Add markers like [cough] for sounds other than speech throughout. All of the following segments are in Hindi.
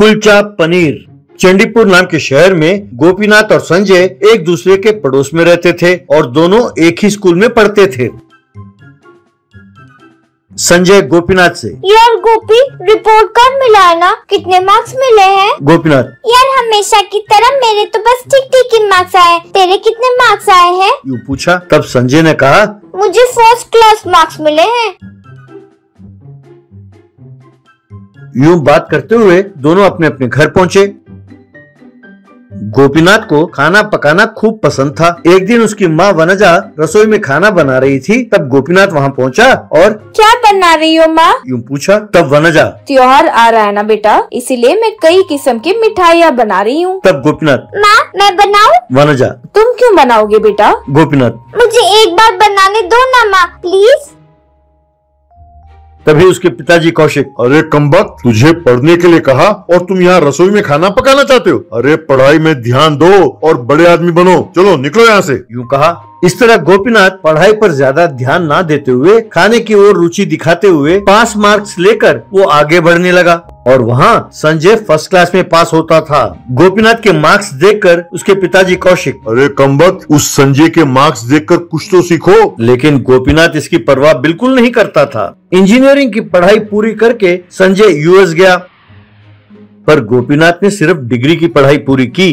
कुलचा पनीर चंडीपुर नाम के शहर में गोपीनाथ और संजय एक दूसरे के पड़ोस में रहते थे और दोनों एक ही स्कूल में पढ़ते थे संजय गोपीनाथ से यार गोपी रिपोर्ट कब मिला है ना कितने मार्क्स मिले हैं गोपीनाथ यार हमेशा की तरह मेरे तो बस ठीक ठीक ही मार्क्स आए तेरे कितने मार्क्स आए हैं यू पूछा तब संजय ने कहा मुझे फर्स्ट क्लास मार्क्स मिले हैं यूं बात करते हुए दोनों अपने अपने घर पहुंचे गोपीनाथ को खाना पकाना खूब पसंद था एक दिन उसकी माँ वनजा रसोई में खाना बना रही थी तब गोपीनाथ वहाँ पहुँचा और क्या बना रही हो माँ यूँ पूछा तब वनजा त्योहार आ रहा है ना बेटा इसीलिए मैं कई किस्म की मिठाइयाँ बना रही हूँ तब गोपीनाथ माँ मैं बनाऊँ वनजा तुम क्यों बनाओगे बेटा गोपीनाथ मुझे एक बार बनाने दो ना माँ प्लीज तभी उसके पिताजी कौशिक अरे कम्बक तुझे पढ़ने के लिए कहा और तुम यहाँ रसोई में खाना पकाना चाहते हो अरे पढ़ाई में ध्यान दो और बड़े आदमी बनो चलो निकलो यहाँ से यूँ कहा इस तरह गोपीनाथ पढ़ाई पर ज्यादा ध्यान ना देते हुए खाने की ओर रुचि दिखाते हुए पास मार्क्स लेकर वो आगे बढ़ने लगा और वहाँ संजय फर्स्ट क्लास में पास होता था गोपीनाथ के मार्क्स देखकर उसके पिताजी कौशिक अरे कम्बक उस संजय के मार्क्स देखकर कुछ तो सीखो लेकिन गोपीनाथ इसकी परवाह बिल्कुल नहीं करता था इंजीनियरिंग की पढ़ाई पूरी करके संजय यूएस गया पर गोपीनाथ ने सिर्फ डिग्री की पढ़ाई पूरी की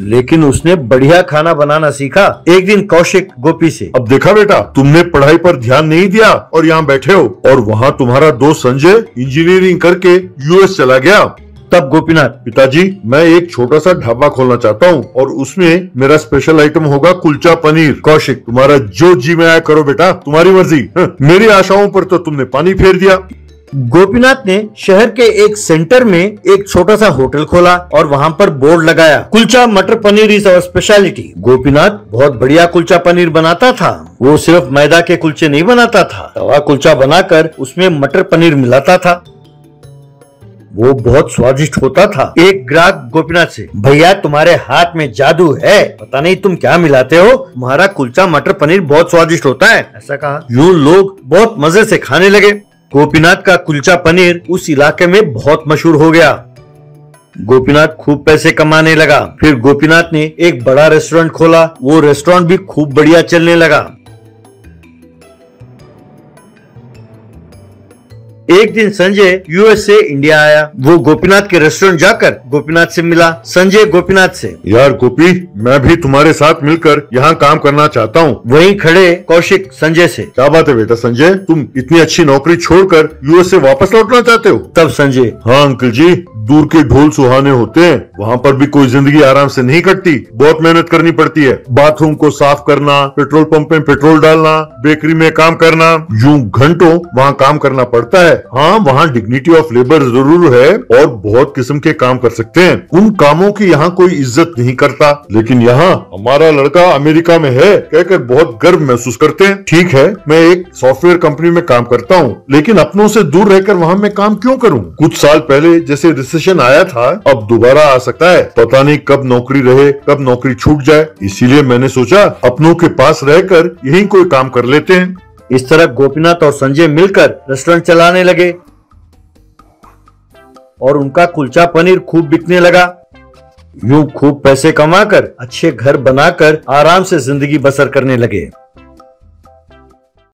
लेकिन उसने बढ़िया खाना बनाना सीखा एक दिन कौशिक गोपी से अब देखा बेटा तुमने पढ़ाई पर ध्यान नहीं दिया और यहाँ बैठे हो और वहाँ तुम्हारा दोस्त संजय इंजीनियरिंग करके यूएस चला गया तब गोपीनाथ पिताजी मैं एक छोटा सा ढाबा खोलना चाहता हूँ और उसमें मेरा स्पेशल आइटम होगा कुलचा पनीर कौशिक तुम्हारा जो जी में आया करो बेटा तुम्हारी मर्जी [laughs] मेरी आशाओं पर तो तुमने पानी फेर दिया गोपीनाथ ने शहर के एक सेंटर में एक छोटा सा होटल खोला और वहाँ पर बोर्ड लगाया kulcha matar paneer is our speciality Gopinath बहुत बढ़िया कुलचा पनीर बनाता था वो सिर्फ मैदा के कुलचे नहीं बनाता था तवा कुलचा बनाकर उसमें मटर पनीर मिलाता था वो बहुत स्वादिष्ट होता था एक ग्राहक गोपीनाथ से भैया तुम्हारे हाथ में जादू है पता नहीं तुम क्या मिलाते हो तुम्हारा कुलचा मटर पनीर बहुत स्वादिष्ट होता है ऐसा कहा यू लोग बहुत मजे से खाने लगे गोपीनाथ का कुलचा पनीर उस इलाके में बहुत मशहूर हो गया गोपीनाथ खूब पैसे कमाने लगा फिर गोपीनाथ ने एक बड़ा रेस्टोरेंट खोला वो रेस्टोरेंट भी खूब बढ़िया चलने लगा एक दिन संजय यूएस से इंडिया आया वो गोपीनाथ के रेस्टोरेंट जाकर गोपीनाथ से मिला संजय गोपीनाथ से यार गोपी मैं भी तुम्हारे साथ मिलकर यहाँ काम करना चाहता हूँ वहीं खड़े कौशिक संजय से क्या बात है बेटा संजय तुम इतनी अच्छी नौकरी छोड़कर यूएस से वापस लौटना चाहते हो तब संजय हाँ अंकल जी दूर के ढोल सुहाने होते हैं वहाँ पर भी कोई जिंदगी आराम से नहीं कटती बहुत मेहनत करनी पड़ती है बाथरूम को साफ करना पेट्रोल पंप में पेट्रोल डालना बेकरी में काम करना यूं घंटों वहाँ काम करना पड़ता है हाँ वहाँ डिग्निटी ऑफ लेबर जरूर है और बहुत किस्म के काम कर सकते हैं उन कामों की यहाँ कोई इज्जत नहीं करता लेकिन यहाँ हमारा लड़का अमेरिका में है कहकर बहुत गर्व महसूस करते हैं ठीक है मैं एक सॉफ्टवेयर कंपनी में काम करता हूँ लेकिन अपनों से दूर रहकर वहाँ मैं काम क्यों करूँ कुछ साल पहले जैसे सेशन आया था अब दोबारा आ सकता है पता नहीं कब नौकरी रहे कब नौकरी छूट जाए इसीलिए मैंने सोचा अपनों के पास रहकर यही कोई काम कर लेते हैं इस तरह गोपीनाथ और संजय मिलकर रेस्टोरेंट चलाने लगे और उनका कुलचा पनीर खूब बिकने लगा यूं खूब पैसे कमाकर अच्छे घर बनाकर आराम से जिंदगी बसर करने लगे